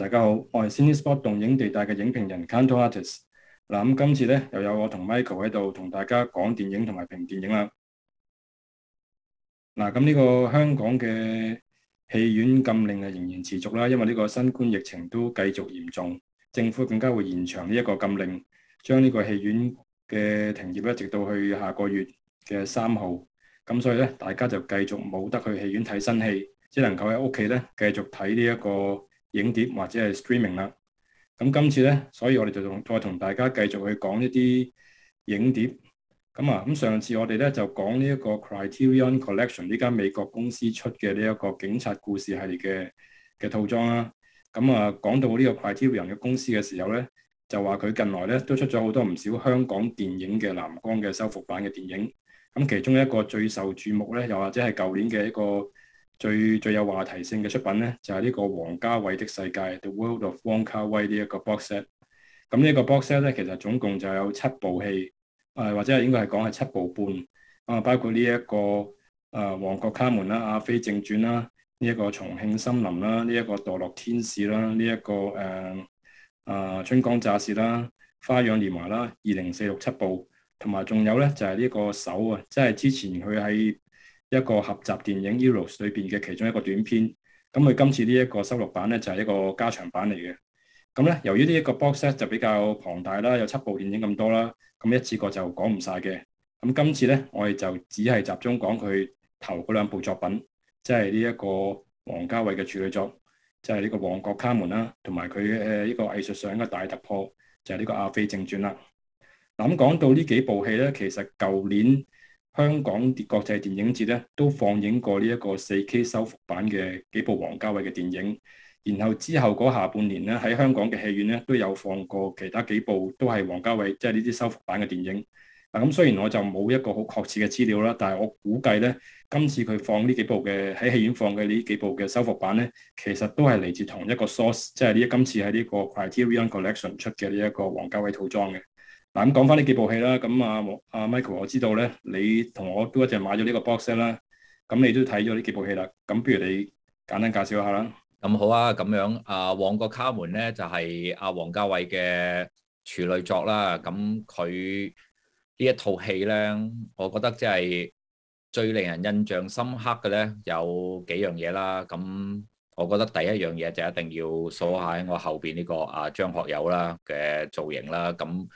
大家好，我係 Cinespot 動映地帶嘅影評人 Kantorates。嗱、啊、咁今次咧又有我同 Michael 喺度同大家講電影同埋評電影啦。嗱咁呢個香港嘅戲院禁令啊，仍然持續啦，因為呢個新冠疫情都繼續嚴重，政府更加會延長呢一個禁令，將呢個戲院嘅停業一直到去下個月嘅三號。咁、嗯、所以咧，大家就繼續冇得去戲院睇新戲，只能夠喺屋企咧繼續睇呢一個影碟或者係 streaming 啦，咁今次咧，所以我哋就同再同大家繼續去講一啲影碟，咁啊，咁上次我哋咧就講呢一個 Criterion Collection 呢間美國公司出嘅呢一個警察故事系列嘅嘅套裝啦，啊，咁啊講到呢個 Criterion 嘅公司嘅時候咧，就話佢近來咧都出咗好多唔少香港電影嘅藍光嘅修復版嘅電影，咁其中一個最受注目咧，又或者係舊年嘅一個。最最有話題性嘅出品咧，就係、是、呢、這個王家衛的世界《The World of Wong Kar Wai》呢一個 box set。咁呢一個 box set 咧，其實總共就有七部戲，誒、呃、或者係應該係講係七部半，啊包括呢、這、一個誒《旺、呃、角卡門》啦、啊，《阿飛正傳》啦，呢一個《重慶森林》啦，呢一個《墮落天使》啦、這個，呢一個誒啊《春光乍泄》啦，《花樣年華》啦，二零四六七部，同埋仲有咧就係、是、呢個手啊，即係之前佢喺。一個合集電影 Eros 裏邊嘅其中一個短片，咁佢今次呢一個收錄版咧就係一個加長版嚟嘅。咁咧，由於呢一個 box 就比較龐大啦，有七部電影咁多啦，咁一次過就講唔晒嘅。咁今次咧，我哋就只係集中講佢頭嗰兩部作品，即係呢一個王家衛嘅處女作，即係呢個《旺角卡門》啦，同埋佢誒呢個藝術上嘅大突破，就係、是、呢個阿《阿飛正傳》啦。咁講到呢幾部戲咧，其實舊年，香港國際電影節咧都放映過呢一個 4K 修復版嘅幾部王家衞嘅電影，然後之後嗰下半年咧喺香港嘅戲院咧都有放過其他幾部都係王家衞即係呢啲修復版嘅電影。嗱、啊、咁、嗯、雖然我就冇一個好確切嘅資料啦，但係我估計咧，今次佢放呢幾部嘅喺戲院放嘅呢幾部嘅修復版咧，其實都係嚟自同一個 source，即係呢今次喺呢個 Criterion Collection 出嘅呢一個王家衞套裝嘅。嗱，咁講翻呢幾部戲啦，咁啊，阿、啊、Michael 我知道咧，你同我都一齊買咗呢個 box 啦，咁你都睇咗呢幾部戲啦，咁不如你簡單介紹下啦。咁好啊，咁樣啊，旺角卡門咧就係、是、阿、啊、王家衛嘅處女作啦，咁佢呢一套戲咧，我覺得即係最令人印象深刻嘅咧有幾樣嘢啦，咁我覺得第一樣嘢就一定要數下我後邊呢個阿、啊、張學友啦嘅造型啦，咁。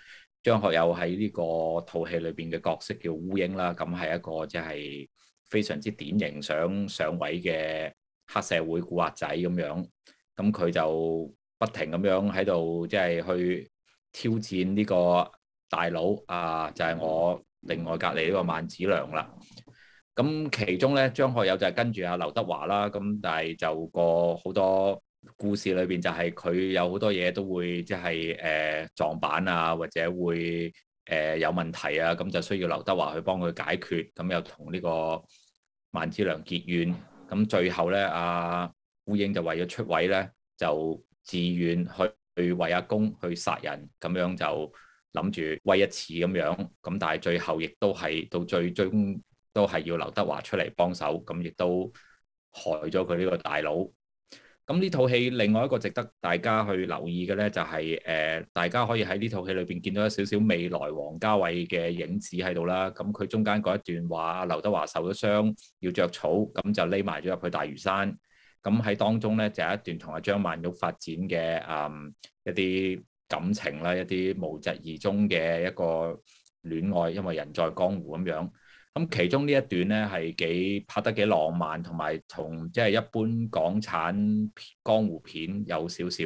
張學友喺呢個套戲裏邊嘅角色叫烏蠅啦，咁係一個即係非常之典型想上位嘅黑社會古惑仔咁樣，咁佢就不停咁樣喺度即係去挑戰呢個大佬啊，就係、是、我另外隔離呢個萬梓良啦。咁其中咧，張學友就係跟住阿劉德華啦，咁但係就過好多。故事裏邊就係佢有好多嘢都會即係誒撞板啊，或者會誒、呃、有問題啊，咁就需要劉德華去幫佢解決。咁又同呢個萬梓良結怨。咁最後咧，阿、啊、烏蠅就為咗出位咧，就自願去為阿公去殺人，咁樣就諗住威一次咁樣。咁但係最後亦都係到最終都係要劉德華出嚟幫手，咁亦都害咗佢呢個大佬。咁呢套戲另外一個值得大家去留意嘅呢，就係、是、誒、呃、大家可以喺呢套戲裏邊見到一少少未來王家衛嘅影子喺度啦。咁佢中間嗰一段話，劉德華受咗傷要着草，咁就匿埋咗入去大嶼山。咁喺當中呢，就有、是、一段同阿張曼玉發展嘅誒、嗯、一啲感情啦，一啲無疾而終嘅一個戀愛，因為人在江湖咁樣。咁其中呢一段咧，係幾拍得幾浪漫，同埋同即係一般港產江湖片有少少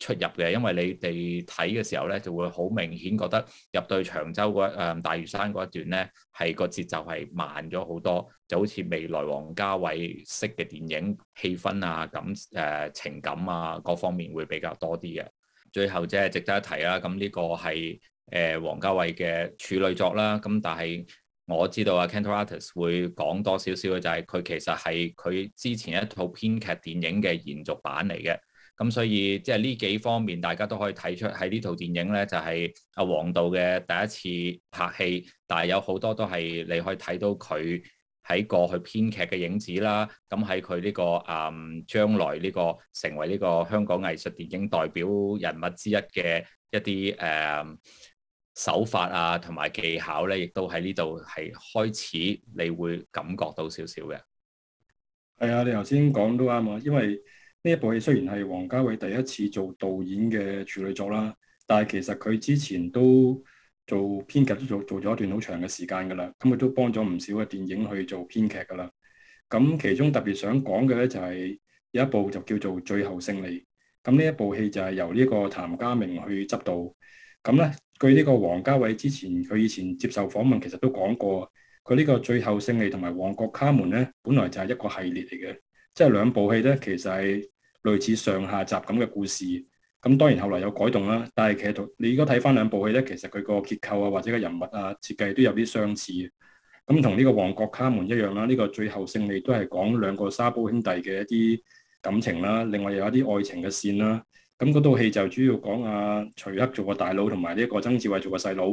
出入嘅，因為你哋睇嘅時候咧就會好明顯覺得入到去長洲嗰、呃、大嶼山嗰一段咧係個節奏係慢咗好多，就好似未來王家衞式嘅電影氣氛啊、感誒、呃、情感啊各方面會比較多啲嘅。最後即係值得一提啦，咁呢個係誒、呃、王家衛嘅處女作啦，咁但係。我知道啊，Kantorates 會講多少少嘅，就係佢其實係佢之前一套編劇電影嘅延續版嚟嘅。咁所以即係呢幾方面，大家都可以睇出喺呢套電影呢，就係阿王導嘅第一次拍戲，但係有好多都係你可以睇到佢喺過去編劇嘅影子啦、這個。咁喺佢呢個誒將來呢個成為呢個香港藝術電影代表人物之一嘅一啲誒。嗯手法啊，同埋技巧咧，亦都喺呢度係開始，你會感覺到少少嘅。係啊，你頭先講到啊嘛，因為呢一部戲雖然係王家衛第一次做導演嘅處女作啦，但係其實佢之前都做編劇都做做咗一段好長嘅時間噶啦，咁、嗯、佢都幫咗唔少嘅電影去做編劇噶啦。咁、嗯、其中特別想講嘅咧，就係有一部就叫做《最後勝利》。咁、嗯、呢一部戲就係由呢個譚家明去執導。咁咧，據呢個王家衛之前佢以前接受訪問，其實都講過，佢呢個最後勝利同埋《旺角卡門》咧，本來就係一個系列嚟嘅，即係兩部戲咧，其實係類似上下集咁嘅故事。咁當然後嚟有改動啦，但係其實同你如果睇翻兩部戲咧，其實佢個結構啊或者個人物啊設計都有啲相似。咁同呢個《旺角卡門》一樣啦，呢個《最後勝利》都係講兩個沙煲兄弟嘅一啲感情啦，另外有一啲愛情嘅綫啦。咁嗰套戲就主要講阿、啊、徐克做個大佬，同埋呢一個曾志偉做個細佬。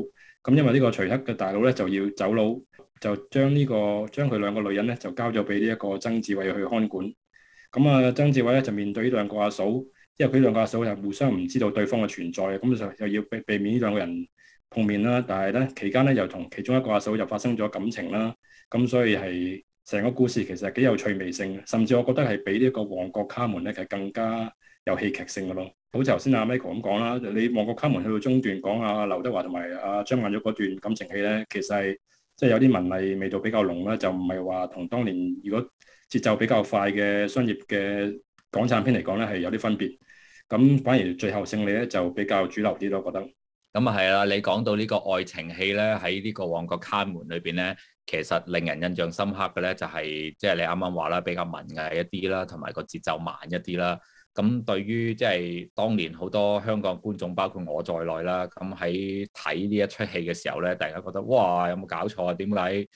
咁因為呢個徐克嘅大佬咧就要走佬，就將呢、這個將佢兩個女人咧就交咗俾呢一個曾志偉去看管。咁啊，曾志偉咧就面對呢兩個阿嫂，因為佢兩個阿嫂又互相唔知道對方嘅存在，咁就又要避避免呢兩個人碰面啦。但係咧期間咧又同其中一個阿嫂，嫂又發生咗感情啦。咁所以係成個故事其實係幾有趣味性，甚至我覺得係比呢個《旺角卡門》呢咧係更加。有戲劇性嘅咯，好似頭先阿 Michael 咁講啦，你旺角卡門去到中段講阿劉德華同埋阿張曼玉嗰段感情戲咧，其實係即係有啲文藝味道比較濃啦，就唔係話同當年如果節奏比較快嘅商業嘅港產片嚟講咧，係有啲分別。咁反而最後勝利咧就比較主流啲咯，我覺得。咁啊係啦，你講到呢個愛情戲咧，喺呢個旺角卡門裏邊咧，其實令人印象深刻嘅咧就係即係你啱啱話啦，比較文藝一啲啦，同埋個節奏慢一啲啦。咁對於即係當年好多香港觀眾，包括我在內啦，咁喺睇呢一出戲嘅時候咧，大家覺得哇，有冇搞錯啊？點解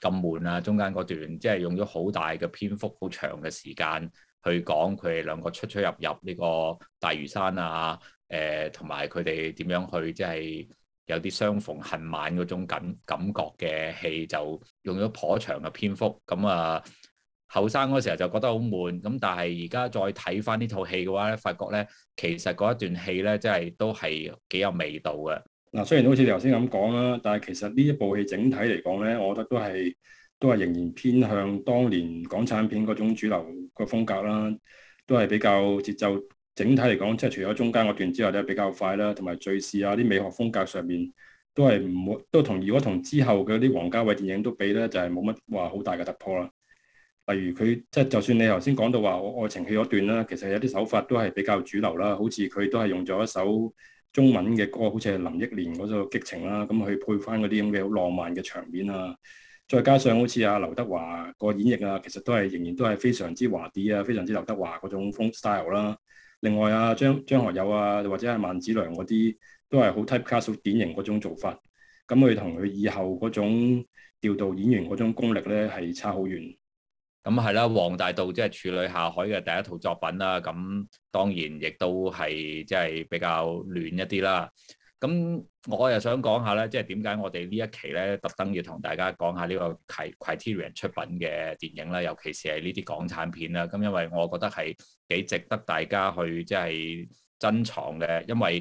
咁悶啊？中間嗰段即係用咗好大嘅篇幅，好長嘅時間去講佢哋兩個出出入入呢個大嶼山啊，誒同埋佢哋點樣去即係，就是，有啲相逢恨晚嗰種感感覺嘅戲，就用咗頗長嘅篇幅，咁啊～後生嗰時候就覺得好悶，咁但係而家再睇翻呢套戲嘅話咧，發覺咧其實嗰一段戲咧真係都係幾有味道嘅。嗱，雖然好似你頭先咁講啦，但係其實呢一部戲整體嚟講咧，我覺得都係都係仍然偏向當年港產片嗰種主流個風格啦，都係比較節奏整體嚟講，即係除咗中間嗰段之外咧比較快啦，同埋敘事呀啲美學風格上面都係唔會，都同如果同之後嘅啲王家衞電影都比咧，就係冇乜話好大嘅突破啦。例如佢即係就算你頭先講到話愛情戲嗰段啦，其實有啲手法都係比較主流啦。好似佢都係用咗一首中文嘅歌，好似係林憶蓮嗰首《激情》啦，咁去配翻嗰啲咁嘅好浪漫嘅場面啊。再加上好似阿劉德華個演繹啊，其實都係仍然都係非常之華啲啊，非常之劉德華嗰種風 style 啦。另外啊，張張學友啊，或者係萬梓良嗰啲，都係好 typecast 典型嗰種做法。咁佢同佢以後嗰種調度演員嗰種功力咧，係差好遠。咁係啦，啊《黃大道、就是》即係處女下海嘅第一套作品是是啦。咁當然亦都係即係比較亂一啲啦。咁我又想講下咧，即係點解我哋呢一期咧，特登要同大家講下呢個 Criterion 出品嘅電影啦，尤其是係呢啲港產片啦。咁因為我覺得係幾值得大家去即係珍藏嘅，因為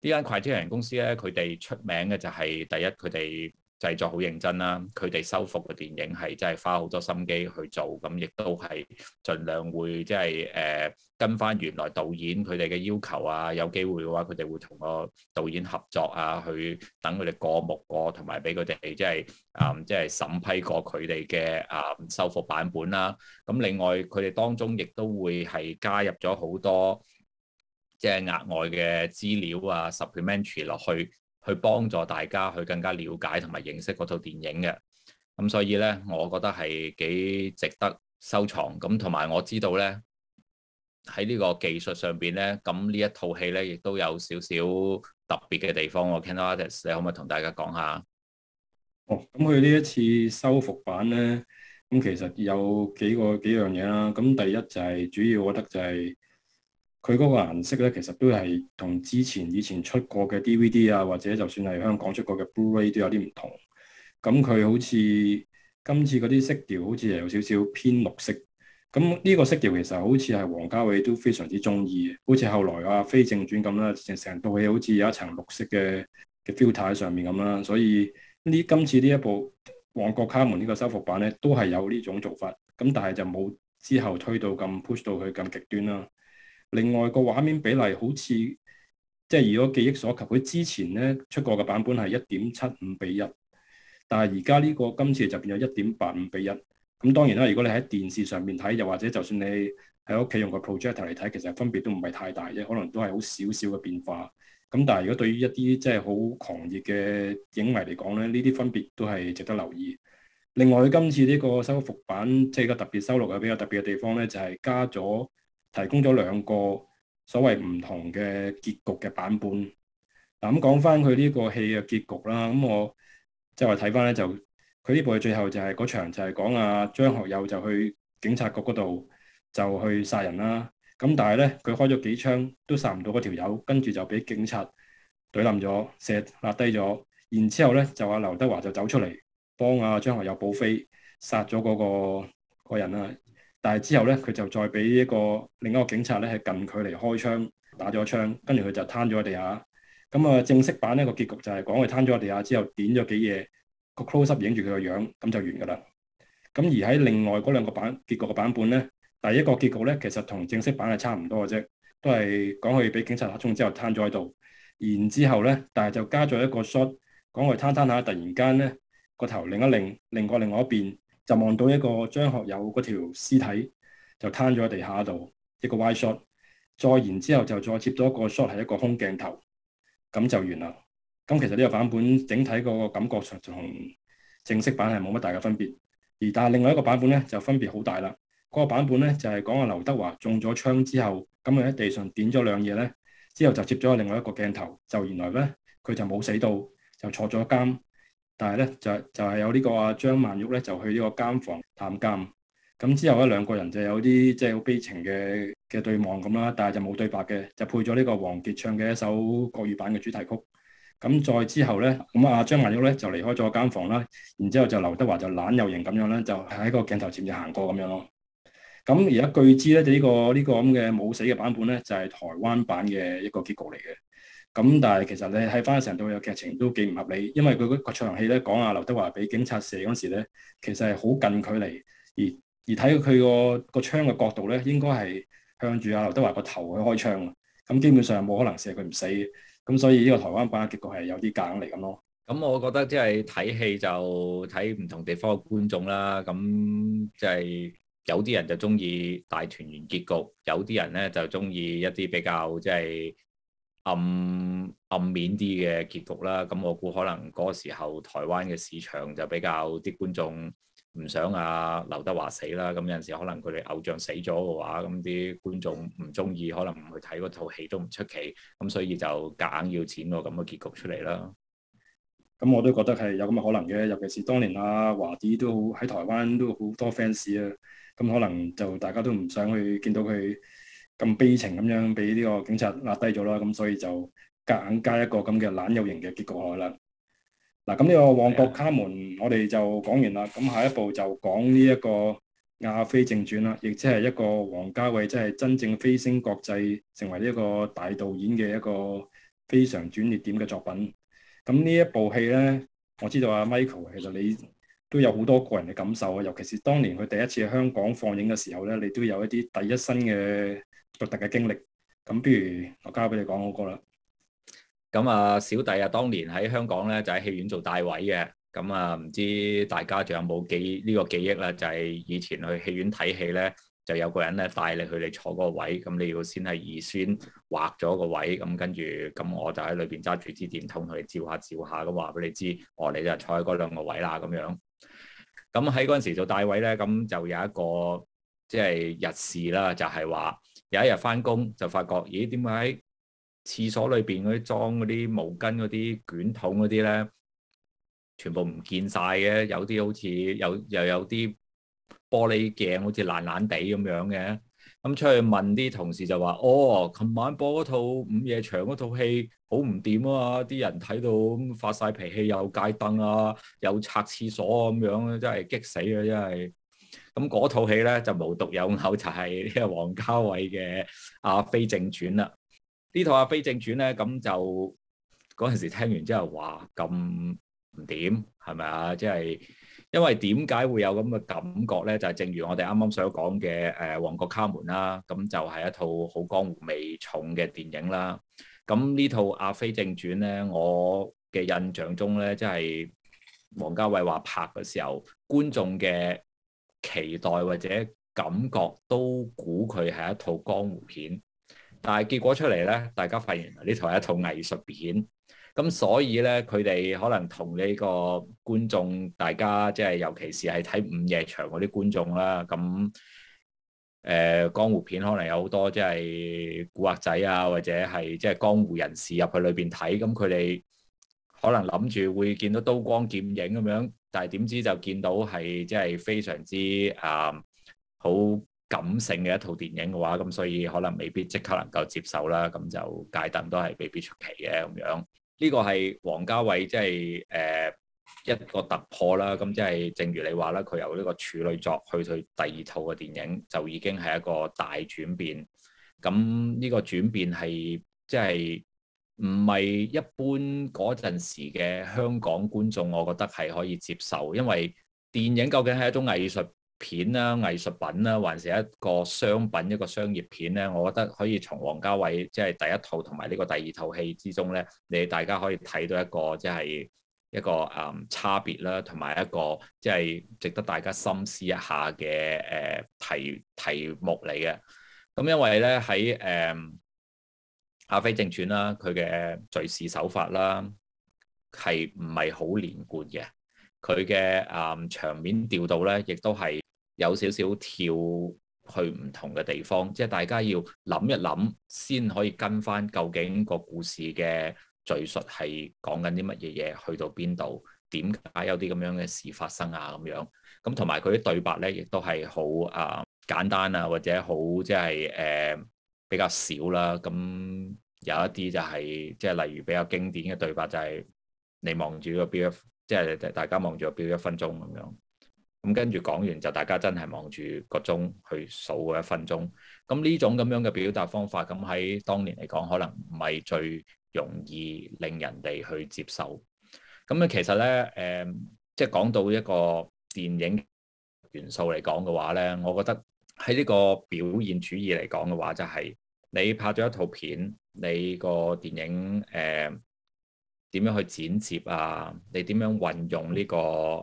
呢間 Criterion 公司咧，佢哋出名嘅就係、是、第一佢哋。製作好認真啦、啊，佢哋修復嘅電影係真係花好多心機去做，咁亦都係盡量會即係誒跟翻原來導演佢哋嘅要求啊，有機會嘅話佢哋會同個導演合作啊，去等佢哋過目過，同埋俾佢哋即係啊即係審批過佢哋嘅啊修復版本啦、啊。咁另外佢哋當中亦都會係加入咗好多即係額外嘅資料啊，supplementary 落去。去幫助大家去更加了解同埋認識嗰套電影嘅，咁所以咧，我覺得係幾值得收藏。咁同埋我知道咧，喺呢個技術上邊咧，咁呢一套戲咧亦都有少少特別嘅地方。Kantorates，你可唔可以同大家講下？哦，咁佢呢一次修復版咧，咁其實有幾個幾樣嘢啦。咁第一就係主要，我覺得就係。佢嗰個顏色咧，其實都係同之前以前出過嘅 DVD 啊，或者就算係香港出過嘅 Blu-ray 都有啲唔同。咁、嗯、佢好似今次嗰啲色調，好似係有少少偏綠色。咁、嗯、呢、這個色調其實好似係王家衛都非常之中意嘅，好似後來啊非正傳咁啦，成成套戲好似有一層綠色嘅嘅 filter 喺上面咁啦。所以呢今次呢一部旺角卡門呢個修復版咧，都係有呢種做法。咁、嗯、但係就冇之後推到咁 push 到佢咁極端啦。另外個畫面比例好似即係如果記憶所及，佢之前咧出過嘅版本係一點七五比一，這個，但係而家呢個今次就變咗一點八五比一。咁當然啦，如果你喺電視上面睇，又或者就算你喺屋企用個 projector 嚟睇，其實分別都唔係太大啫，可能都係好少少嘅變化。咁但係如果對於一啲即係好狂熱嘅影迷嚟講咧，呢啲分別都係值得留意。另外，今次呢個修復版即係個特別收錄嘅比較特別嘅地方咧，就係、是、加咗。提供咗兩個所謂唔同嘅結局嘅版本。嗱，咁講翻佢呢個戲嘅結局啦，咁我即係話睇翻咧就佢呢就部嘅最後就係、是、嗰場就係講阿張學友就去警察局嗰度就去殺人啦。咁但係咧佢開咗幾槍都殺唔到嗰條友，跟住就俾警察懟冧咗，射拉低咗。然之後咧就阿劉德華就走出嚟幫阿張學友報飛，殺咗嗰個個人啦。但係之後咧，佢就再俾一個另一個警察咧，係近距離開槍打咗槍，跟住佢就攤咗喺地下。咁、嗯、啊，正式版呢個結局就係講佢攤咗喺地下之後，點咗幾嘢，個 closeup 影住佢個樣，咁就完㗎啦。咁而喺另外嗰兩個版結局嘅版本咧，第一個結局咧其實同正式版係差唔多嘅啫，都係講佢俾警察打中之後攤咗喺度，然之後咧，但係就加咗一個 shot，講佢攤攤下，突然間咧個頭擰一擰，擰過另外一邊。就望到一個張學友嗰條屍體就攤咗喺地下度，一個 Y shot，再然之後就再接咗一個 shot 係一個空鏡頭，咁就完啦。咁其實呢個版本整體個感覺上同正式版係冇乜大嘅分別，而但係另外一個版本咧就分別好大啦。嗰、那個版本咧就係、是、講阿劉德華中咗槍之後，咁佢喺地上點咗兩嘢咧，之後就接咗另外一個鏡頭，就原來咧佢就冇死到，就坐咗一監。但係咧就係就係有呢個阿張曼玉咧就去呢個監房探監，咁之後咧兩個人就有啲即係好悲情嘅嘅對望咁啦，但係就冇對白嘅，就配咗呢個王傑唱嘅一首國語版嘅主題曲。咁再之後咧，咁阿張曼玉咧就離開咗監房啦，然之後就劉德華就懶又型咁樣咧，就喺個鏡頭前面行過咁樣咯。咁而家據知咧、這個這個，就呢個呢個咁嘅冇死嘅版本咧，就係台灣版嘅一個結局嚟嘅。咁但係其實你睇翻成套嘅劇情都幾唔合理，因為佢嗰場戲咧講阿劉德華俾警察射嗰時咧，其實係好近距離，而而睇佢個個槍嘅角度咧，應該係向住阿劉德華個頭去開槍啊！咁基本上冇可能射佢唔死，咁所以呢個台灣版嘅結局係有啲夾硬嚟咁咯。咁我覺得即係睇戲就睇唔同地方嘅觀眾啦。咁即係有啲人就中意大團圓結局，有啲人咧就中意一啲比較即係。暗暗面啲嘅結局啦，咁我估可能嗰個時候台灣嘅市場就比較啲觀眾唔想啊劉德華死啦，咁有陣時可能佢哋偶像死咗嘅話，咁啲觀眾唔中意，可能唔去睇嗰套戲都唔出奇，咁所以就夾硬要剪個咁嘅結局出嚟啦。咁我都覺得係有咁嘅可能嘅，尤其是當年阿華 Dee 都喺台灣都有好多 fans 啊，咁可能就大家都唔想去見到佢。咁悲情咁樣俾呢個警察拉低咗啦，咁所以就夾硬加一個咁嘅懶有型嘅結局落去啦。嗱、這個，咁呢個旺角卡門我哋就講完啦，咁的下一步就講呢一個阿飛正傳啦，亦即係一個王家衛即係真正飛升國際成為呢一個大導演嘅一個非常轉捩點嘅作品。咁呢一部戲呢，我知道阿、啊、Michael 其實你都有好多個人嘅感受啊，尤其是當年佢第一次喺香港放映嘅時候呢，你都有一啲第一身嘅。獨特嘅經歷，咁不如我交俾你講嗰個啦。咁啊，小弟啊，當年喺香港咧就喺戲院做帶位嘅，咁啊唔知大家仲有冇記呢、這個記憶啦？就係、是、以前去戲院睇戲咧，就有個人咧帶你去你坐嗰個位，咁你要先係二宣劃咗個位，咁跟住咁我就喺裏邊揸住支電筒同你照下照下，咁話俾你知，哦，你就坐喺嗰兩個位啦，咁樣。咁喺嗰陣時做帶位咧，咁就有一個即係、就是、日事啦，就係、是、話。有一日翻工就發覺，咦？點解廁所裏邊嗰啲裝嗰啲毛巾、嗰啲捲筒嗰啲咧，全部唔見晒嘅？有啲好似有，又有啲玻璃鏡好似爛爛地咁樣嘅。咁出去問啲同事就話，哦，琴晚播嗰套午夜場嗰套戲好唔掂啊！啲人睇到發晒脾氣，又 𠝹 凳啊，又拆廁所啊咁樣，真係激死啊！真係。咁嗰套戲咧就無獨有偶，就係呢個王家衛嘅《阿飛正傳》啦。呢套《阿飛正傳》咧，咁就嗰陣時聽完之後話咁唔點，係咪啊？即係因為點解會有咁嘅感覺咧？就係正如我哋啱啱所講嘅，誒，《旺角卡門》啦，咁就係一套好江湖味重嘅電影啦。咁呢套《阿飛正傳》咧，我嘅印象中咧，即係王家衛話拍嘅時候，觀眾嘅。期待或者感覺都估佢係一套江湖片，但係結果出嚟呢，大家發現原來呢套係一套藝術片。咁所以呢，佢哋可能同呢個觀眾，大家即係尤其是係睇午夜場嗰啲觀眾啦。咁誒、呃、江湖片可能有好多即係古惑仔啊，或者係即係江湖人士入去裏邊睇，咁佢哋可能諗住會見到刀光劍影咁樣。但係點知就見到係即係非常之啊好、uh, 感性嘅一套電影嘅話，咁所以可能未必即刻能夠接受啦。咁就芥蒂都係未必出奇嘅咁樣。呢個係王家衛即係誒一個突破啦。咁即係正如你話啦，佢由呢個處女作去到第二套嘅電影，就已經係一個大轉變。咁呢個轉變係即係。即係唔係一般嗰陣時嘅香港觀眾，我覺得係可以接受，因為電影究竟係一種藝術片啦、藝術品啦，還是一個商品、一個商業片咧？我覺得可以從王家衛即係第一套同埋呢個第二套戲之中咧，你大家可以睇到一個即係一個誒差別啦，同埋一個即係值得大家深思一下嘅誒題題目嚟嘅。咁因為咧喺誒。阿飛正傳啦，佢嘅敘事手法啦，係唔係好連貫嘅？佢嘅啊場面調度咧，亦都係有少少跳去唔同嘅地方，即係大家要諗一諗先可以跟返，究竟個故事嘅敘述係講緊啲乜嘢嘢，去到邊度，點解有啲咁樣嘅事發生啊咁樣？咁同埋佢啲對白咧，亦都係好啊簡單啊，或者好即係誒。呃比較少啦，咁有一啲就係即係例如比較經典嘅對白就係你望住個表一，即係大家望住個表一分鐘咁樣，咁跟住講完就大家真係望住個鐘去數一分鐘。咁呢種咁樣嘅表達方法，咁喺當年嚟講，可能唔係最容易令人哋去接受。咁咧其實咧，誒即係講到一個電影元素嚟講嘅話咧，我覺得。喺呢個表現主義嚟講嘅話，就係、是、你拍咗一套片，你個電影誒點、呃、樣去剪接啊？你點樣運用呢、這個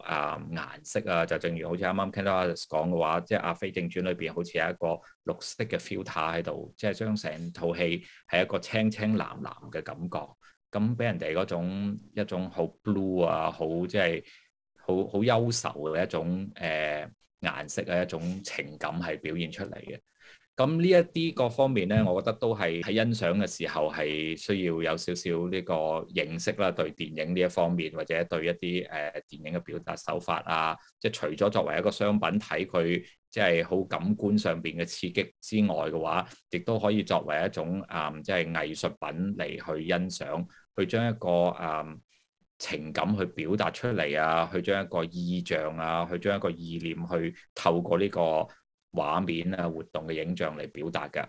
啊、呃、顏色啊？就正如好似啱啱 Kantorates 講嘅話，即係《阿飛正傳》裏邊好似有一個綠色嘅 filter 喺度，即、就、係、是、將成套戲係一個青青藍藍嘅感覺，咁俾人哋嗰種一種好 blue 啊，好即係好好憂愁嘅一種誒。呃顏色嘅一種情感係表現出嚟嘅，咁呢一啲各方面呢，我覺得都係喺欣賞嘅時候係需要有少少呢個認識啦，對電影呢一方面或者對一啲誒電影嘅表達手法啊，即係除咗作為一個商品睇佢即係好感官上邊嘅刺激之外嘅話，亦都可以作為一種誒即係藝術品嚟去欣賞，去將一個誒，嗯情感去表達出嚟啊，去將一個意象啊，去將一個意念去透過呢個畫面啊、活動嘅影像嚟表達㗎。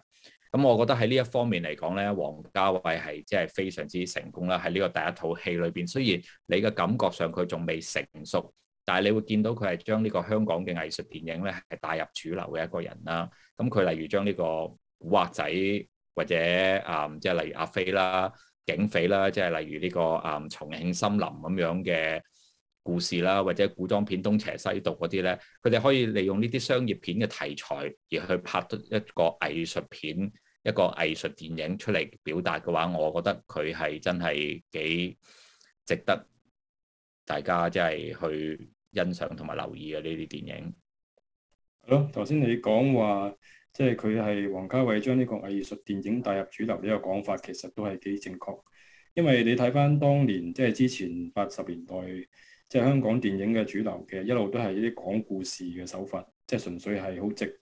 咁、嗯、我覺得喺呢一方面嚟講咧，王家衛係即係非常之成功啦。喺呢個第一套戲裏邊，雖然你嘅感覺上佢仲未成熟，但係你會見到佢係將呢個香港嘅藝術電影咧係帶入主流嘅一個人啦、啊。咁、嗯、佢例如將呢個古惑仔或者啊，即、嗯、係例如阿飛啦。警匪啦，即係例如呢個誒重慶森林咁樣嘅故事啦，或者古裝片東邪西毒嗰啲咧，佢哋可以利用呢啲商業片嘅題材而去拍多一個藝術片、一個藝術電影出嚟表達嘅話，我覺得佢係真係幾值得大家即係去欣賞同埋留意嘅呢啲電影。係咯，頭先你講話。即係佢係王家衛將呢個藝術電影帶入主流呢個講法，其實都係幾正確。因為你睇翻當年，即係之前八十年代，即係香港電影嘅主流嘅一路都係一啲講故事嘅手法，即係純粹係好直、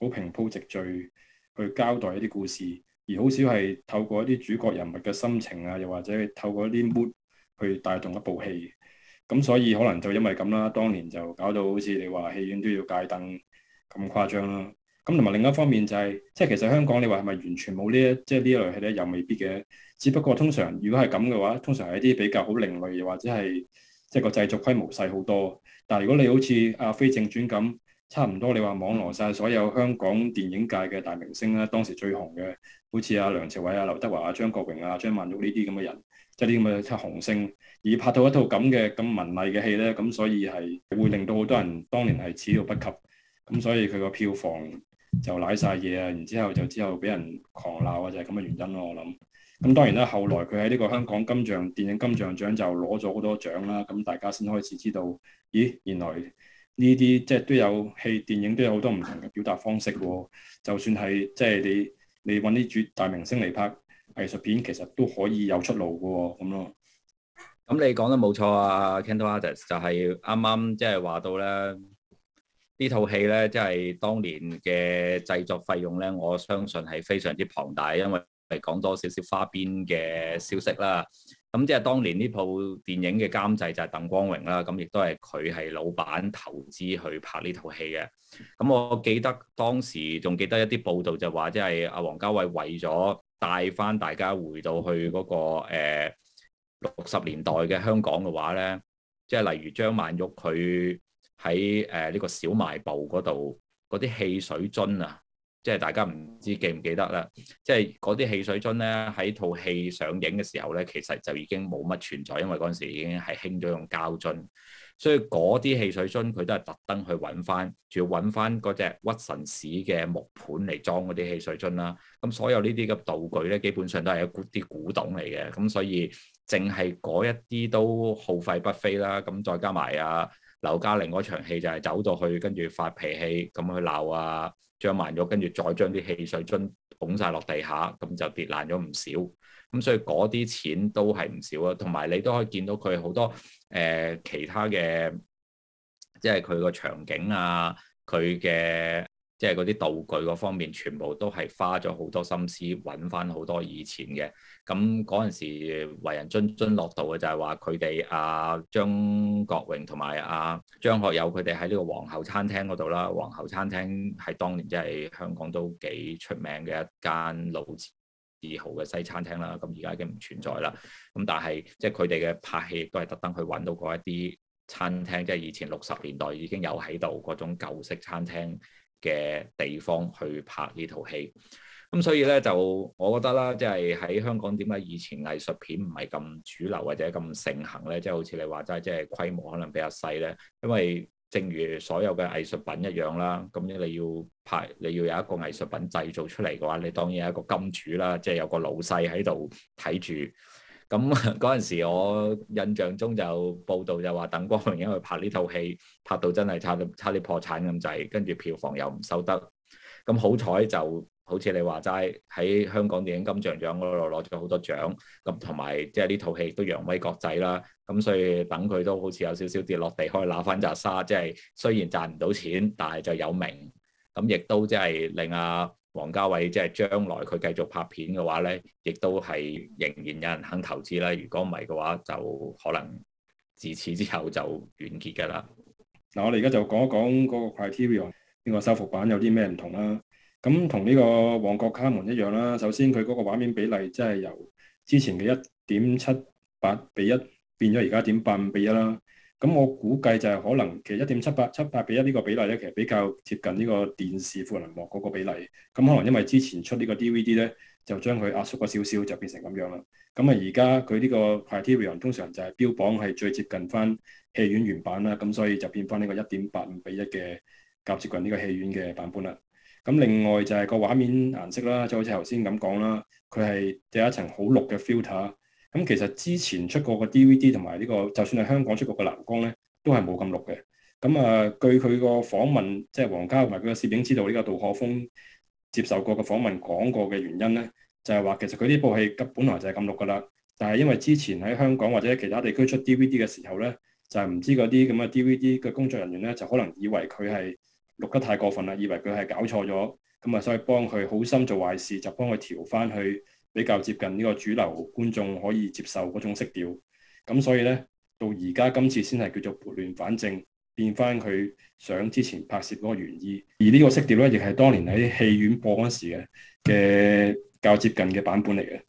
好平鋪直敍去交代一啲故事，而好少係透過一啲主角人物嘅心情啊，又或者透過一啲 mood 去帶動一部戲。咁所以可能就因為咁啦，當年就搞到好似你話戲院都要戒燈咁誇張啦。咁同埋另一方面就係、是，即係其實香港你話係咪完全冇呢一即係呢類戲咧？又未必嘅。只不過通常如果係咁嘅話，通常係一啲比較好另類，或者係即係個製作規模細好多。但係如果你好似阿飛正傳咁，差唔多你話網羅晒所有香港電影界嘅大明星啦，當時最紅嘅，好似阿梁朝偉、阿劉德華、阿張國榮、阿張，張曼玉呢啲咁嘅人，即係啲咁嘅紅星，而拍到一套咁嘅咁文藝嘅戲咧，咁所以係會令到好多人當年係始料不及，咁所以佢個票房。就賴晒嘢啊！然之後就之後俾人狂鬧啊，就係咁嘅原因咯。我諗咁當然啦。後來佢喺呢個香港金像電影金像獎就攞咗好多獎啦。咁大家先開始知道，咦？原來呢啲即係都有戲電影都有好多唔同嘅表達方式喎。就算係即係你你揾啲絕大明星嚟拍藝術片，其實都可以有出路嘅喎。咁咯。咁你講得冇錯啊，Kantorates 就係啱啱即係話到咧。呢套戲呢，即係當年嘅製作費用呢，我相信係非常之龐大，因為講多少少花邊嘅消息啦。咁即係當年呢部電影嘅監製就係鄧光榮啦，咁亦都係佢係老闆投資去拍呢套戲嘅。咁我記得當時仲記得一啲報道就話，即係阿王家衛為咗帶翻大家回到去嗰個誒六十年代嘅香港嘅話呢，即係例如張曼玉佢。喺誒呢個小賣部嗰度，嗰啲汽水樽啊，即係大家唔知記唔記得啦。即係嗰啲汽水樽咧，喺套戲上映嘅時候咧，其實就已經冇乜存在，因為嗰陣時已經係興咗用膠樽。所以嗰啲汽水樽佢都係特登去揾返，仲要揾返嗰隻屈臣氏嘅木盤嚟裝嗰啲汽水樽啦。咁所有呢啲嘅道具咧，基本上都係一啲古董嚟嘅。咁所以淨係嗰一啲都耗費不菲啦。咁再加埋啊～劉嘉玲嗰場戲就係走到去，跟住發脾氣，咁去鬧啊，張曼玉，跟住再將啲汽水樽捧晒落地下，咁就跌爛咗唔少。咁所以嗰啲錢都係唔少啊。同埋你都可以見到佢好多誒、呃、其他嘅，即係佢個場景啊，佢嘅。即係嗰啲道具嗰方面，全部都係花咗好多心思，揾翻好多以前嘅。咁嗰陣時為人津津樂道嘅就係話，佢哋阿張國榮同埋阿張學友佢哋喺呢個皇后餐廳嗰度啦。皇后餐廳係當年即係香港都幾出名嘅一間老字號嘅西餐廳啦。咁而家已經唔存在啦。咁但係即係佢哋嘅拍戲都係特登去揾到嗰一啲餐廳，即係以前六十年代已經有喺度嗰種舊式餐廳，嘅地方去拍呢套戲，咁所以咧，就我覺得啦，即係喺香港點解以前藝術片唔係咁主流或者咁盛行咧？即係好似你話齋，即係規模可能比較細咧。因為正如所有嘅藝術品一樣啦，咁你要拍，你要有一個藝術品製造出嚟嘅話，你當然係一個金主啦，即係有個老細喺度睇住。咁嗰陣時，我印象中就報道就話，鄧光榮因為拍呢套戲，拍到真係差到差啲破產咁滯，跟住票房又唔收得。咁好彩就，好似你話齋，喺香港電影金像獎度攞咗好多獎，咁同埋即係呢套戲都揚威國際啦。咁所以等佢都好似有少少跌落地，可以攬翻扎沙。即係雖然賺唔到錢，但係就有名。咁亦都即係令啊～王家衛即係將來佢繼續拍片嘅話咧，亦都係仍然有人肯投資啦。如果唔係嘅話，就可能自此之後就完結㗎啦。嗱，我哋而家就講一講嗰個 Criterion 呢、呢個修復版有啲咩唔同啦，啊。咁同呢個《旺角卡門》一樣啦，啊，首先佢嗰個畫面比例即係由之前嘅一點七八比一變咗而家點八五比一啦。咁我估計就係可能其實一點七八，七八比一呢個比例咧，其實比較接近呢個電視闊銀幕嗰個比例。咁可能因為之前出個 D D 呢個 DVD 咧，就將佢壓縮咗少少，就變成咁樣啦。咁啊，而家佢呢個 Criterion 通常就係標榜係最接近翻戲院原版啦，咁所以就變翻呢個一點八五比一嘅較接近呢個戲院嘅版本啦。咁另外就係個畫面顏色啦，就好似頭先咁講啦，佢係有一層好綠嘅 filter。咁其實之前出過個 DVD 同埋、這、呢個，就算係香港出過個藍光咧，都係冇咁綠嘅。咁啊、呃，據佢個訪問，即係王家同埋佢個攝影指導呢個杜可風接受過嘅訪問講過嘅原因咧，就係、是、話其實佢呢部戲本來就係咁綠㗎啦。但係因為之前喺香港或者其他地區出 DVD 嘅時候咧，就唔、是、知嗰啲咁嘅 DVD 嘅工作人員咧，就可能以為佢係綠得太過分啦，以為佢係搞錯咗，咁啊所以幫佢好心做壞事，就幫佢調翻去。比較接近呢個主流觀眾可以接受嗰種色調，咁所以咧到而家今次先係叫做撥亂反正，變翻佢想之前拍攝嗰個原意，而呢個色調咧亦係當年喺戲院播嗰陣時嘅嘅較接近嘅版本嚟嘅。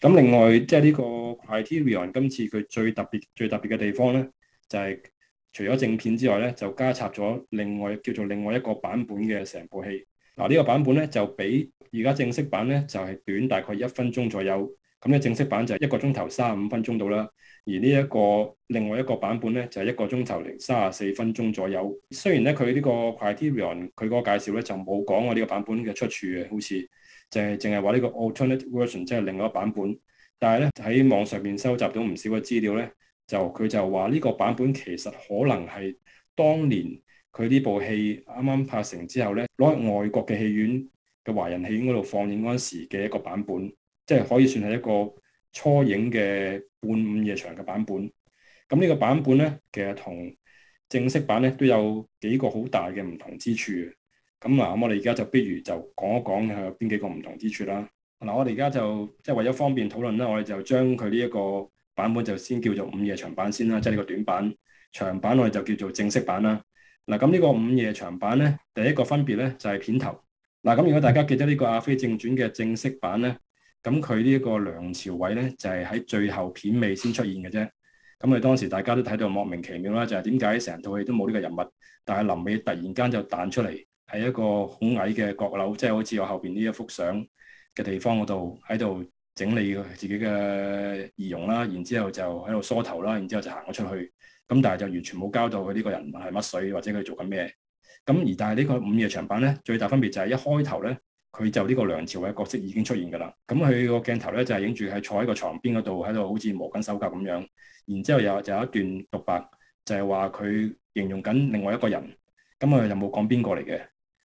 咁另外即係呢個 Criterion 今次佢最特別最特別嘅地方咧，就係、是、除咗正片之外咧，就加插咗另外叫做另外一個版本嘅成部戲。嗱，呢個版本咧就比而家正式版咧就係短大概一分鐘左右，咁咧正式版就係一個鐘頭三十五分鐘度啦。而呢一個另外一個版本咧就係一個鐘頭零三十四分鐘左右。雖然咧佢呢個 Criterion 佢嗰個介紹咧就冇講我呢個版本嘅出處嘅，好似就係淨係話呢個 alternate version 即係另外一個版本。但係咧喺網上面收集到唔少嘅資料咧，就佢就話呢個版本其實可能係當年。佢呢部戲啱啱拍成之後咧，攞去外國嘅戲院嘅華人戲院嗰度放映嗰陣時嘅一個版本，即係可以算係一個初影嘅半午夜場嘅版本。咁呢個版本咧，其實同正式版咧都有幾個好大嘅唔同之處嘅。咁啊，我哋而家就不如就講一講有邊幾個唔同之處啦。嗱，我哋而家就即係為咗方便討論啦，我哋就將佢呢一個版本就先叫做午夜場版先啦，即係呢個短版、長版我哋就叫做正式版啦。嗱，咁呢個午夜場版咧，第一個分別咧就係片頭。嗱，咁如果大家記得呢個《阿飛正傳》嘅正式版咧，咁佢呢一個梁朝偉咧就係喺最後片尾先出現嘅啫。咁佢當時大家都睇到莫名其妙啦，就係點解成套戲都冇呢個人物，但係臨尾突然間就彈出嚟，喺一個好矮嘅閣樓，即係好似我後邊呢一幅相嘅地方嗰度喺度。整理自己嘅儀容啦，然之後就喺度梳頭啦，然之後就行咗出去。咁但係就完全冇交代佢呢個人係乜水，或者佢做緊咩。咁而但係呢個午夜場版咧，最大分別就係一開頭咧，佢就呢個梁朝偉嘅角色已經出現㗎啦。咁佢個鏡頭咧就係影住喺坐喺個床邊嗰度，喺度好似磨緊手甲咁樣。然之後有就有一段獨白，就係話佢形容緊另外一個人。咁啊又冇講邊個嚟嘅。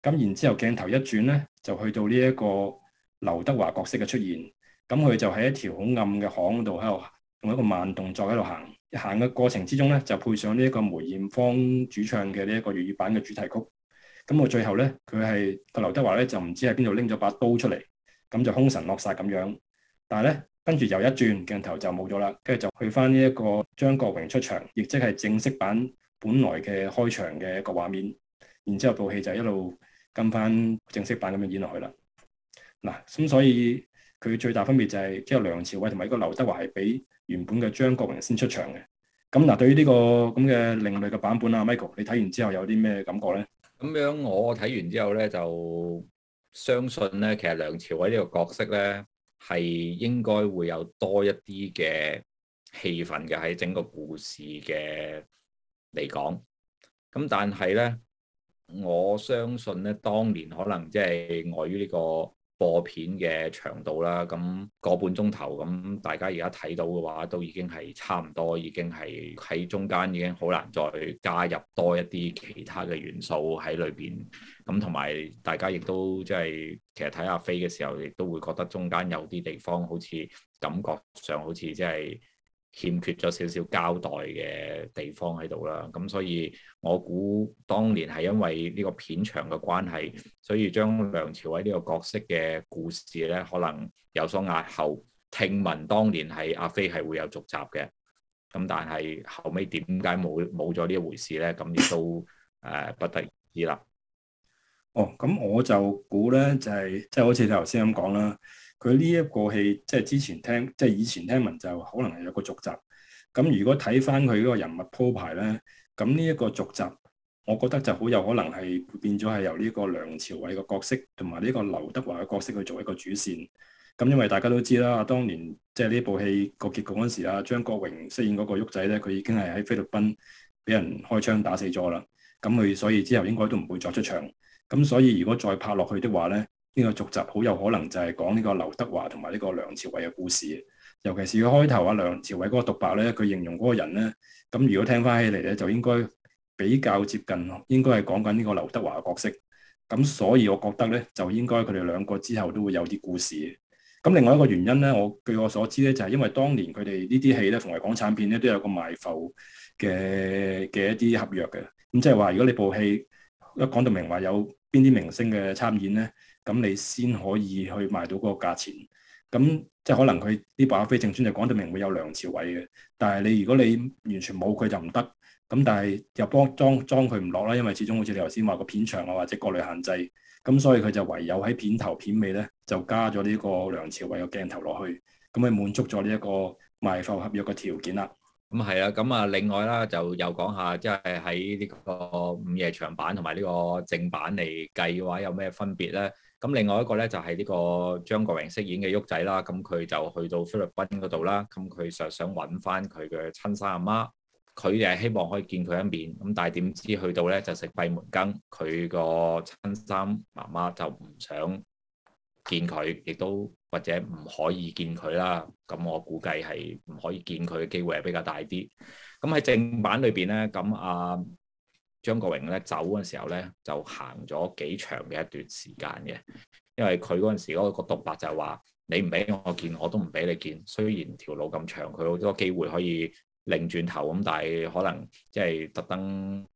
咁然之後鏡頭一轉咧，就去到呢一個劉德華角色嘅出現。咁佢就喺一條好暗嘅巷度喺度，用一個慢動作喺度行。行嘅過程之中咧，就配上呢一個梅艷芳主唱嘅呢一個粵語版嘅主題曲。咁到最後咧，佢係阿劉德華咧，就唔知喺邊度拎咗把刀出嚟，咁就凶神落煞咁樣。但係咧，跟住又一轉鏡頭就冇咗啦，跟住就去翻呢一個張國榮出場，亦即係正式版本來嘅開場嘅一個畫面。然之後部戲就一路跟翻正式版咁樣演落去啦。嗱，咁所以。佢最大分別就係即係梁朝偉同埋一個劉德華係比原本嘅張國榮先出場嘅。咁嗱，對於呢個咁嘅另類嘅版本啊，Michael，你睇完之後有啲咩感覺咧？咁樣我睇完之後咧，就相信咧，其實梁朝偉呢個角色咧係應該會有多一啲嘅氣氛嘅喺整個故事嘅嚟講。咁但係咧，我相信咧，當年可能即係礙於呢個。播片嘅長度啦，咁個半鐘頭咁，大家而家睇到嘅話，都已經係差唔多，已經係喺中間已經好難再加入多一啲其他嘅元素喺裏邊。咁同埋大家亦都即係其實睇下飛嘅時候，亦都會覺得中間有啲地方好似感覺上好似即係。欠缺咗少少交代嘅地方喺度啦，咁所以我估當年係因為呢個片長嘅關係，所以將梁朝偉呢個角色嘅故事咧，可能有所押後。聽聞當年係阿飛係會有續集嘅，咁但係後尾點解冇冇咗呢一回事咧？咁亦都誒、呃、不得而知啦。哦，咁我就估咧，就係即係好似你頭先咁講啦。佢呢一個戲，即係之前聽，即係以前聽聞就可能係有一個續集。咁如果睇翻佢呢個人物鋪排咧，咁呢一個續集，我覺得就好有可能係變咗係由呢個梁朝偉嘅角色同埋呢個劉德華嘅角色去做一個主線。咁因為大家都知啦，啊，當年即係呢部戲個結局嗰陣時啊，張國榮飾演嗰個旭仔咧，佢已經係喺菲律賓俾人開槍打死咗啦。咁佢所以之後應該都唔會再出場。咁所以如果再拍落去的話咧。呢個續集好有可能就係講呢個劉德華同埋呢個梁朝偉嘅故事，尤其是佢開頭啊梁朝偉嗰個獨白咧，佢形容嗰個人咧，咁如果聽翻起嚟咧，就應該比較接近，應該係講緊呢個劉德華嘅角色。咁所以我覺得咧，就應該佢哋兩個之後都會有啲故事。咁另外一個原因咧，我據我所知咧，就係因為當年佢哋呢啲戲咧，同埋港產片咧，都有個賣埠嘅嘅一啲合約嘅。咁即係話，如果你部戲一講到明話有邊啲明星嘅參演咧，咁你先可以去賣到嗰個價錢，咁即係可能佢呢部阿飛正傳就講到明會有梁朝偉嘅，但係你如果你完全冇佢就唔得，咁但係又幫裝裝佢唔落啦，因為始終好似你頭先話個片長啊或者各類限制，咁所以佢就唯有喺片頭片尾咧就加咗呢個梁朝偉個鏡頭落去，咁咪滿足咗呢一個賣貨合約個條件啦。咁係啦，咁啊另外啦就又講下，即係喺呢個午夜場版同埋呢個正版嚟計嘅話，有咩分別咧？咁另外一個咧就係呢個張國榮飾演嘅旭仔啦，咁佢就去到菲律賓嗰度啦，咁佢就想揾翻佢嘅親生阿媽，佢哋係希望可以見佢一面，咁但係點知去到咧就食閉門羹，佢個親生媽媽就唔想見佢，亦都或者唔可以見佢啦，咁我估計係唔可以見佢嘅機會係比較大啲。咁喺正版裏邊咧，咁啊。張國榮咧走嗰陣時候咧，就行咗幾長嘅一段時間嘅，因為佢嗰陣時嗰個獨白就係話：你唔俾我見，我都唔俾你見。雖然條路咁長，佢好多機會可以擰轉頭咁，但係可能即係特登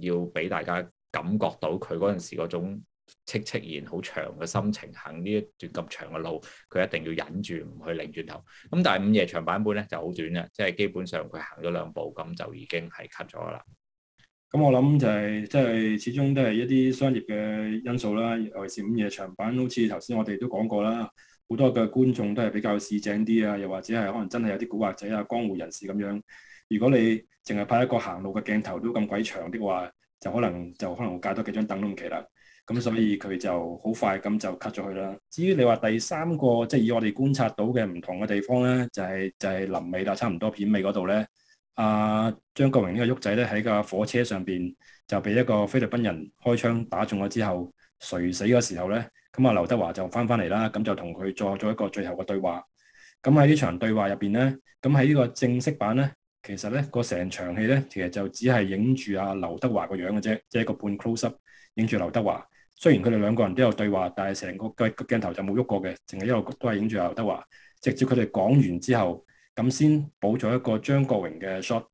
要俾大家感覺到佢嗰陣時嗰種戚戚然、好長嘅心情，行呢一段咁長嘅路，佢一定要忍住唔去擰轉頭。咁但係午夜長版本咧就好短啦，即係基本上佢行咗兩步咁就已經係 cut 咗㗎啦。咁我諗就係、是，即係始終都係一啲商業嘅因素啦。尤其是午夜場版好似頭先我哋都講過啦，好多嘅觀眾都係比較市井啲啊，又或者係可能真係有啲古惑仔啊、江湖人士咁樣。如果你淨係拍一個行路嘅鏡頭都咁鬼長的話，就可能就可能會 𠝹 多幾張凳都唔奇啦。咁所以佢就好快咁就 cut 咗佢啦。至於你話第三個，即係以我哋觀察到嘅唔同嘅地方咧，就係、是、就係臨尾啦，差唔多片尾嗰度咧。阿、啊、張國榮個呢個旭仔咧，喺架火車上邊就被一個菲律賓人開槍打中咗，之後垂死嘅時候咧，咁啊劉德華就翻翻嚟啦，咁就同佢作咗一個最後嘅對話。咁喺呢場對話入邊咧，咁喺呢個正式版咧，其實咧個成場戲咧，其實就只係影住阿劉德華個樣嘅啫，即係個半 closeup 影住劉德華。雖然佢哋兩個人都有對話，但係成個鏡鏡頭就冇喐過嘅，淨係一路都係影住阿劉德華。直至佢哋講完之後。咁先補咗一個張國榮嘅 shot，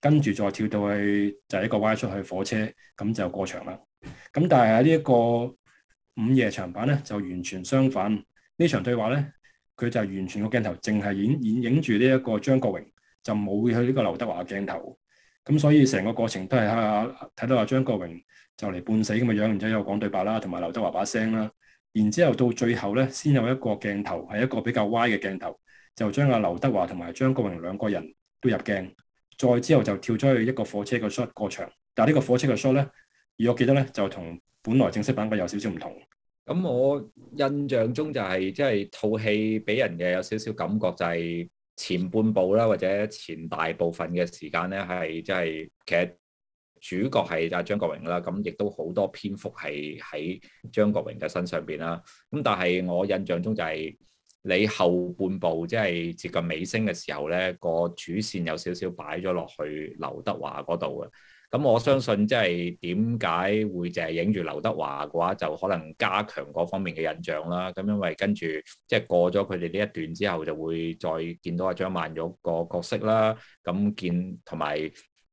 跟住再跳到去就係一個歪出去火車，咁就過場啦。咁但係喺呢一個午夜場版咧，就完全相反。呢場對話咧，佢就完全個鏡頭淨係演演影住呢一個張國榮，就冇去呢個劉德華嘅鏡頭。咁所以成個過程都係睇到話張國榮就嚟半死咁嘅樣，然之後有講對白啦，同埋劉德華把聲啦，然之後到最後咧，先有一個鏡頭係一個比較歪嘅鏡頭。就將阿劉德華同埋張國榮兩個人都入鏡，再之後就跳出去一個火車嘅 shot 過場。但係呢個火車嘅 shot 咧，而我記得咧就同本來正式版嘅有少少唔同。咁我印象中就係即係套戲俾人嘅有少少感覺就係前半部啦，或者前大部分嘅時間咧係即係其實主角係就係張國榮啦。咁亦都好多篇幅係喺張國榮嘅身上邊啦。咁但係我印象中就係、是。你後半部即係接近尾聲嘅時候咧，個主線有少少擺咗落去劉德華嗰度嘅。咁我相信即係點解會淨係影住劉德華嘅話，就可能加強嗰方面嘅印象啦。咁因為跟住即係過咗佢哋呢一段之後，就會再見到阿張曼玉個角色啦。咁見同埋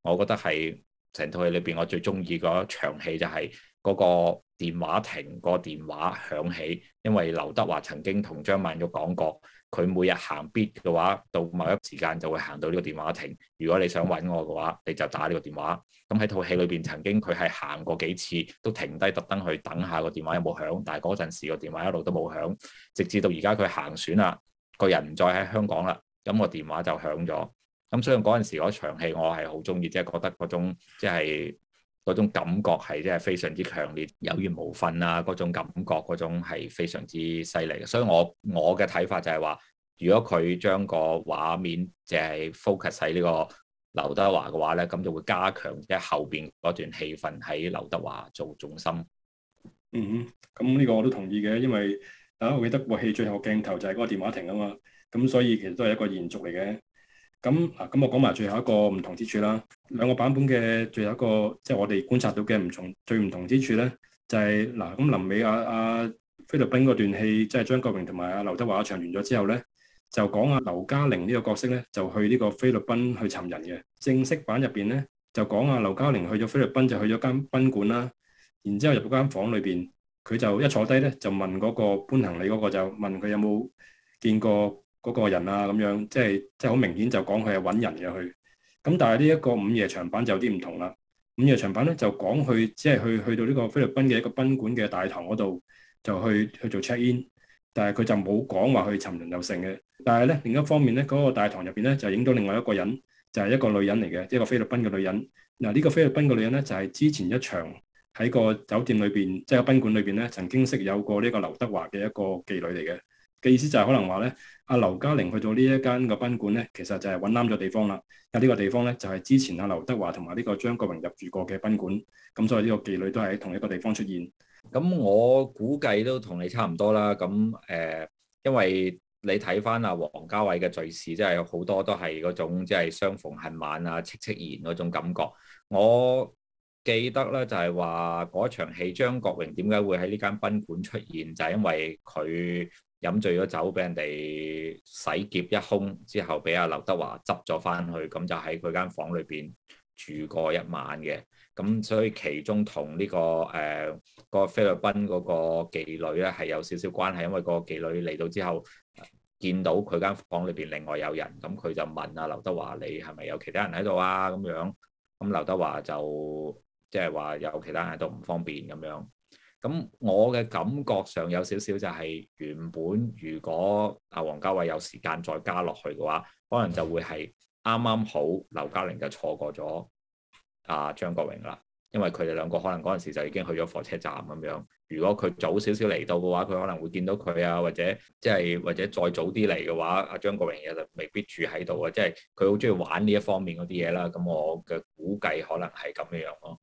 我覺得係成套戲裏邊我最中意嗰場戲就係嗰個。電話亭個電話響起，因為劉德華曾經同張曼玉講過，佢每日行 beat 嘅話，到某一時間就會行到呢個電話亭。如果你想揾我嘅話，你就打呢個電話。咁喺套戲裏邊曾經佢係行過幾次，都停低特登去等下個電話有冇響。但係嗰陣時個電話一路都冇響，直至到而家佢行船啦，個人唔再喺香港啦，咁個電話就響咗。咁所以嗰陣時嗰場戲我係好中意，即係覺得嗰種即係。就是嗰種感覺係即係非常之強烈，有緣無份啊！嗰種感覺，嗰種係非常之犀利嘅。所以我我嘅睇法就係話，如果佢將個畫面淨係 focus 喺呢個劉德華嘅話咧，咁就會加強即係後邊嗰段戲份喺劉德華做中心。嗯哼，咁呢個我都同意嘅，因為啊，我記得個戲最後鏡頭就係嗰個電話亭啊嘛，咁所以其實都係一個延續嚟嘅。咁嗱，咁我講埋最後一個唔同之處啦。兩個版本嘅最後一個，即係我哋觀察到嘅唔同，最唔同之處咧，就係嗱，咁臨尾阿阿菲律賓嗰段戲，即係張國榮同埋阿劉德華唱完咗之後咧，就講阿劉嘉玲呢個角色咧，就去呢個菲律賓去尋人嘅。正式版入邊咧，就講阿劉嘉玲去咗菲律賓，就去咗間賓館啦。然之後入到間房裏邊，佢就一坐低咧，就問嗰個搬行李嗰個就問佢有冇見過。嗰個人啊，咁樣即係即係好明顯就講佢係揾人嘅去。咁但係呢一個午夜場版就有啲唔同啦。午夜場版咧就講佢即係去去到呢個菲律賓嘅一個賓館嘅大堂嗰度，就去去做 check in。但係佢就冇講話去尋人就成嘅。但係咧，另一方面咧，嗰個大堂入邊咧就影到另外一個人，就係一個女人嚟嘅，一個菲律賓嘅女人。嗱，呢個菲律賓嘅女人咧就係之前一場喺個酒店裏邊，即係賓館裏邊咧曾經識有過呢個劉德華嘅一個妓女嚟嘅。嘅意思就係可能話咧，阿劉嘉玲去到呢一間個賓館咧，其實就係揾啱咗地方啦。有呢個地方咧，就係、是、之前阿劉德華同埋呢個張國榮入住過嘅賓館。咁所以呢個妓女都喺同一個地方出現。咁我估計都同你差唔多啦。咁誒、呃，因為你睇翻阿王家衛嘅敘事，即係有好多都係嗰種即係相逢恨晚啊、戚戚然嗰種感覺。我記得咧就係話嗰場戲張國榮點解會喺呢間賓館出現，就係、是、因為佢。飲醉咗酒，俾人哋洗劫一空之後，俾阿劉德華執咗返去，咁就喺佢間房裏邊住過一晚嘅。咁所以其中同呢個誒、呃嗰個菲律賓嗰個妓女咧係有少少關係，因為個妓女嚟到之後見到佢間房裏邊另外有人，咁佢就問阿劉德華：你係咪有其他人喺度啊？咁樣，咁劉德華就即係話有其他人喺度唔方便咁樣。咁我嘅感覺上有少少就係原本如果阿王家衛有時間再加落去嘅話，可能就會係啱啱好，劉嘉玲就錯過咗阿張國榮啦。因為佢哋兩個可能嗰陣時就已經去咗火車站咁樣。如果佢早少少嚟到嘅話，佢可能會見到佢啊，或者即係或者再早啲嚟嘅話，阿張國榮又就未必住喺度啊。即係佢好中意玩呢一方面嗰啲嘢啦。咁我嘅估計可能係咁樣咯。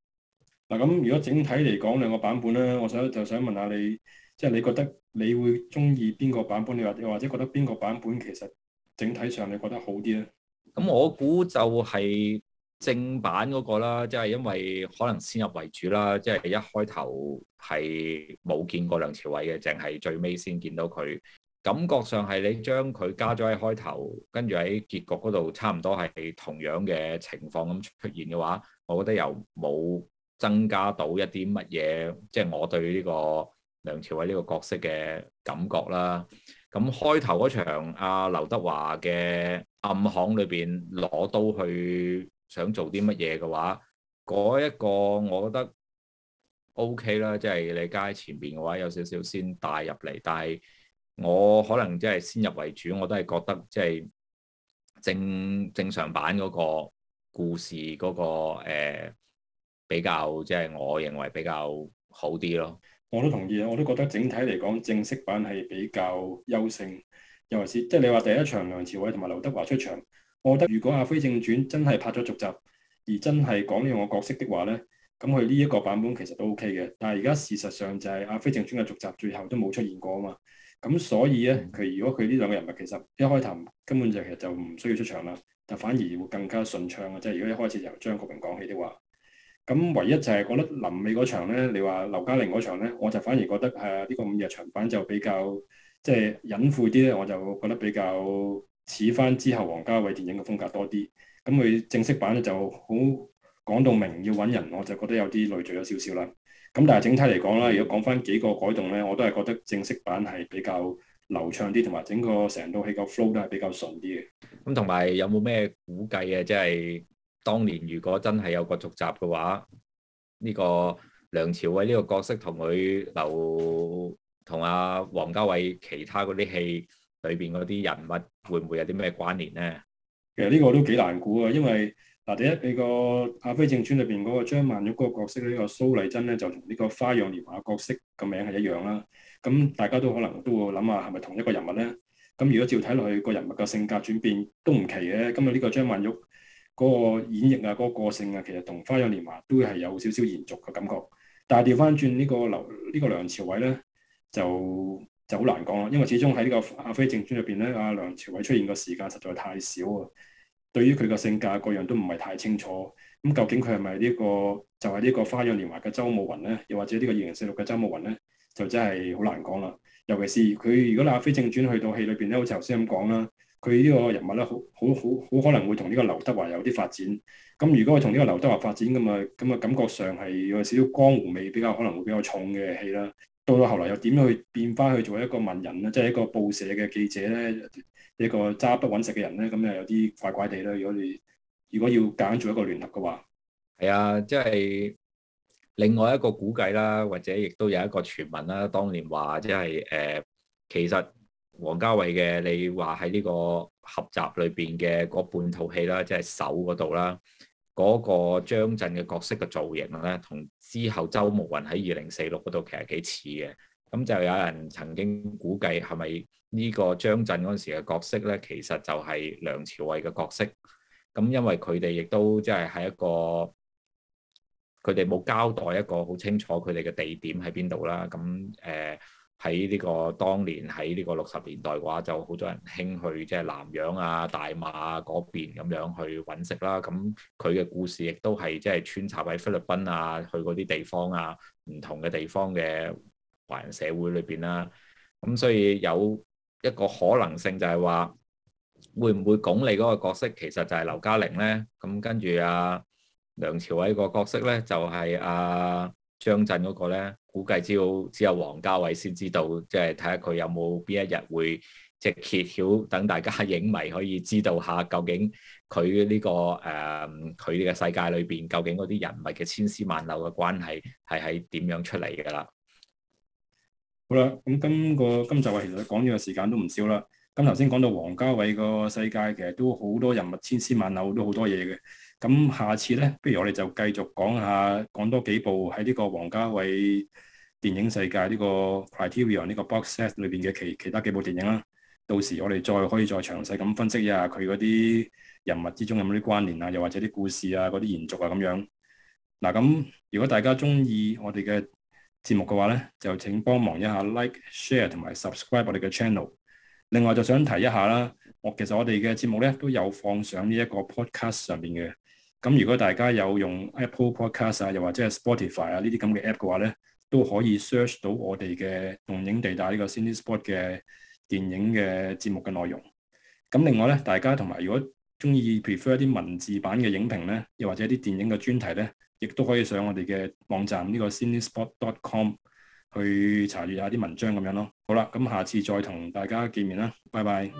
嗱咁，如果整體嚟講兩個版本咧，我想就想問下你，即係你覺得你會中意邊個版本？你或又或者覺得邊個版本其實整體上你覺得好啲咧？咁我估就係正版嗰個啦，即係因為可能先入為主啦，即係一開頭係冇見過梁朝偉嘅，淨係最尾先見到佢。感覺上係你將佢加咗喺開頭，跟住喺結局嗰度差唔多係同樣嘅情況咁出現嘅話，我覺得又冇增加到一啲乜嘢，即係我對呢個梁朝偉呢個角色嘅感覺啦。咁開頭嗰場阿劉德華嘅暗巷裏邊攞刀去想做啲乜嘢嘅話，嗰一個我覺得 OK 啦，即係你加喺前邊嘅話有少少先帶入嚟，但係我可能即係先入為主，我都係覺得即係正正常版嗰個故事嗰個誒。呃比較即係，就是、我認為比較好啲咯。我都同意啊，我都覺得整體嚟講，正式版係比較優勝，尤其是即係你話第一場梁朝偉同埋劉德華出場，我覺得如果《阿飛正傳》真係拍咗續集，而真係講呢兩個角色的話咧，咁佢呢一個版本其實都 OK 嘅。但係而家事實上就係《阿飛正傳》嘅續集最後都冇出現過啊嘛。咁所以咧，佢、嗯、如果佢呢兩個人物其實一開頭根本就其實就唔需要出場啦，但反而會更加順暢嘅。即、就、係、是、如果一開始由張國榮講起的話。咁唯一就係覺得臨尾嗰場咧，你話劉嘉玲嗰場咧，我就反而覺得誒呢個午夜場版就比較即係、就是、隱晦啲咧，我就覺得比較似翻之後王家衛電影嘅風格多啲。咁佢正式版咧就好講到明要揾人，我就覺得有啲累贅咗少少啦。咁但係整體嚟講啦，如果講翻幾個改動咧，我都係覺得正式版係比較流暢啲，同埋整個成套戲嘅 flow 都係比較順啲嘅。咁同埋有冇咩估計啊？即係。當年如果真係有個續集嘅話，呢個梁朝偉呢個角色同佢留同阿王家衞其他嗰啲戲裏邊嗰啲人物，會唔會有啲咩關聯咧？其實呢個都幾難估啊，因為嗱第一你個《阿飛正傳》裏邊嗰個張曼玉嗰個角色呢個蘇麗珍咧就同呢個《花樣年華》角色個名係一樣啦。咁大家都可能都會諗下係咪同一個人物咧？咁如果照睇落去個人物嘅性格轉變都唔奇嘅。今日呢個張曼玉，嗰個演繹啊，嗰、嗰個個性啊，其實同《花樣年華》都係有少少延續嘅感覺。但係調翻轉呢個梁呢、呢個梁朝偉咧，就就好難講咯，因為始終喺呢個《阿飛正傳》入面咧，阿梁朝偉出現嘅時間實在太少啊，對於佢嘅性格個樣都唔係太清楚。咁究竟佢係咪呢個就係呢個《花樣年華》嘅周慕雲咧，又或者呢個《二零四六》嘅周慕雲咧，就真係好難講啦。尤其是佢如果《阿飛正傳》去到戲裏邊咧，好似頭先咁講啦。佢呢個人物咧，好好好好可能會同呢個劉德華有啲發展。咁如果佢同呢個劉德華發展咁啊，咁啊感覺上係有少少江湖味，比較可能會比較重嘅戲啦。到到後來又點去變翻去做一個文人咧，即係一個報社嘅記者咧，一個揸筆揾食嘅人咧，咁又有啲怪怪地啦。如果你如果要揀做一個聯合嘅話，係啊，即係另外一個估計啦，或者亦都有一個傳聞啦。當年話即係誒，其實。王家衛嘅，你話喺呢個合集裏邊嘅嗰半套戲啦，即係首嗰度啦，嗰個張震嘅角色嘅造型咧，同之後周慕雲喺二零四六嗰度其實幾似嘅。咁就有人曾經估計係咪呢個張震嗰時嘅角色咧，其實就係梁朝偉嘅角色。咁因為佢哋亦都即係喺一個，佢哋冇交代一個好清楚佢哋嘅地點喺邊度啦。咁誒。呃喺呢個當年喺呢個六十年代嘅話，就好多人興去即係、就是、南洋啊、大馬嗰、啊、邊咁樣去揾食啦。咁佢嘅故事亦都係即係穿插喺菲律賓啊、去嗰啲地方啊、唔同嘅地方嘅華人社會裏邊啦。咁所以有一個可能性就係話，會唔會鞏俐嗰個角色其實就係劉嘉玲咧？咁跟住啊，梁朝偉個角色咧就係、是、啊張震嗰個咧？估計只有只有王家衛先知道，即係睇下佢有冇邊一日會即係揭曉，等大家影迷可以知道下究竟佢呢個誒，佢呢個世界裏邊究竟嗰啲人物嘅千絲萬縷嘅關係係喺點樣出嚟噶啦？好啦，咁今個今集啊，其實講咗嘅時間都唔少啦。咁頭先講到王家衛個世界，其實都好多人物千絲萬縷，都好多嘢嘅。咁下次咧，不如我哋就繼續講下，講多幾部喺呢個王家衛。電影世界呢個 Criterion 呢個 box set 裏邊嘅其其他幾部電影啦，到時我哋再可以再詳細咁分析一下佢嗰啲人物之中有冇啲關聯啊，又或者啲故事啊、嗰啲延續啊咁樣。嗱咁，如果大家中意我哋嘅節目嘅話咧，就請幫忙一下 like、share 同埋 subscribe 我哋嘅 channel。另外就想提一下啦，我其實我哋嘅節目咧都有放上呢一個 podcast 上邊嘅。咁如果大家有用 Apple Podcast 啊，又或者係 Spotify 啊呢啲咁嘅 app 嘅話咧，都可以 search 到我哋嘅動映地帶呢個 Cinespot 嘅電影嘅節目嘅內容。咁另外咧，大家同埋如果中意 prefer 一啲文字版嘅影評咧，又或者啲電影嘅專題咧，亦都可以上我哋嘅網站呢個 Cinespot.com 去查閲下啲文章咁樣咯。好啦，咁下次再同大家見面啦，拜拜。